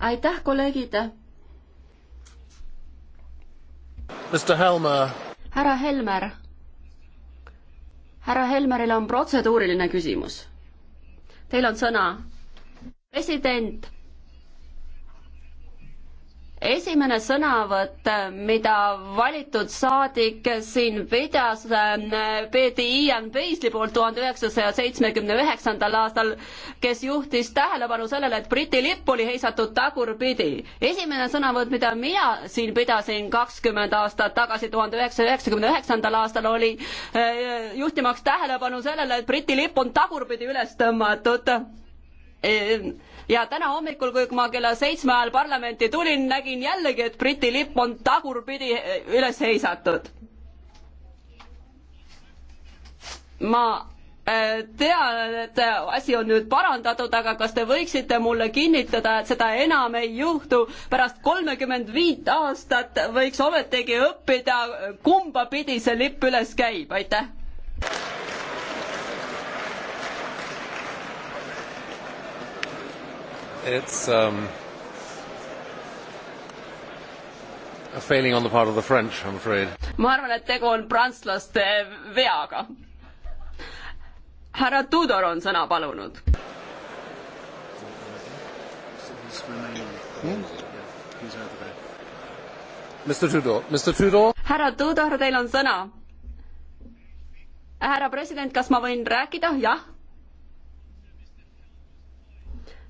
aitäh, kolleegid. härra Helmer. härra Helmeril on protseduuriline küsimus. Teil on sõna. president esimene sõnavõtt, mida valitud saadik siin pidas, äh, peeti Ian Paisley poolt tuhande üheksasaja seitsmekümne üheksandal aastal, kes juhtis tähelepanu sellele, et Briti lipp oli heisatud tagurpidi. esimene sõnavõtt, mida mina siin pidasin kakskümmend aastat tagasi, tuhande üheksasaja üheksakümne üheksandal aastal, oli äh, juhtimaks tähelepanu sellele, et Briti lipp on tagurpidi üles tõmmatud Ehm, ja täna hommikul, kui ma kella seitsme ajal parlamenti tulin, nägin jällegi, et Briti lipp on tagurpidi eh, üles heisatud. ma eh, tean, et asi on nüüd parandatud, aga kas te võiksite mulle kinnitada, et seda enam ei juhtu, pärast kolmekümmend viit aastat võiks ometigi õppida, kumba pidi see lipp üles käib, aitäh It's um, a failing on the part of the French, I'm afraid. ma arvan, et tegu on prantslaste veaga. härra Tudor on sõna palunud. Hmm? Mr Tudor, Mr Tudor. härra Tudor, teil on sõna. härra president, kas ma võin rääkida? jah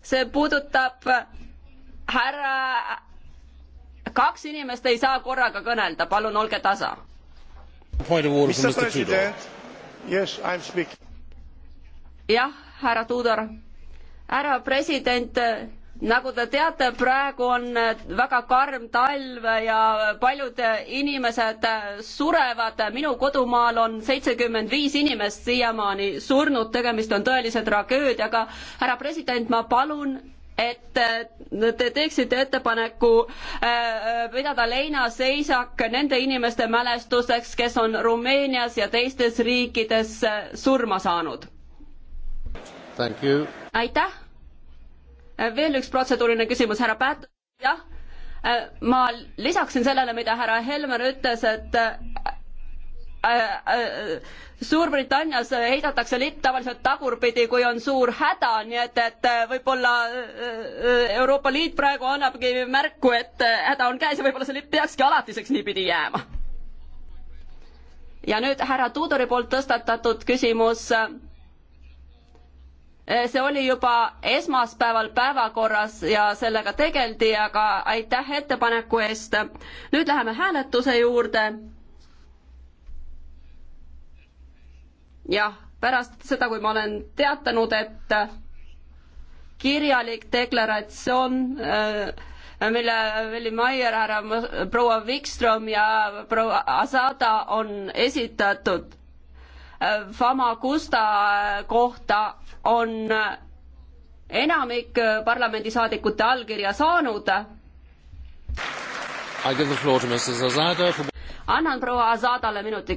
see puudutab härra, kaks inimest ei saa korraga kõnelda, palun olge tasa. jah, härra Tudor, härra president nagu te teate, praegu on väga karm talv ja paljud inimesed surevad. minu kodumaal on seitsekümmend viis inimest siiamaani surnud, tegemist on tõelise tragöödiaga. härra president, ma palun et te teeksite ettepaneku äh, pidada leinaseisak nende inimeste mälestuseks, kes on Rumeenias ja teistes riikides surma saanud. aitäh Äh, veel üks protseduuriline küsimus, härra Pät-, jah? Äh, ma lisaksin sellele, mida härra Helmer ütles, et äh, Suurbritannias heidetakse litt tavaliselt tagurpidi, kui on suur häda, nii et, et võib-olla Euroopa Liit praegu annabki märku, et häda on käes ja võib-olla see lipp peakski alatiseks niipidi jääma. ja nüüd härra Tudori poolt tõstatatud küsimus Eh, see oli juba esmaspäeval päevakorras ja sellega tegeldi, aga aitäh ettepaneku eest. nüüd läheme hääletuse juurde. jah, pärast seda, kui ma olen teatanud, et kirjalik deklaratsioon äh, mille Veli Maier, härra proua Wikström ja proua Asada on esitatud Famagusta kohta on enamik parlamendisaadikute allkirja saanud. annan proua Azadale minutiks.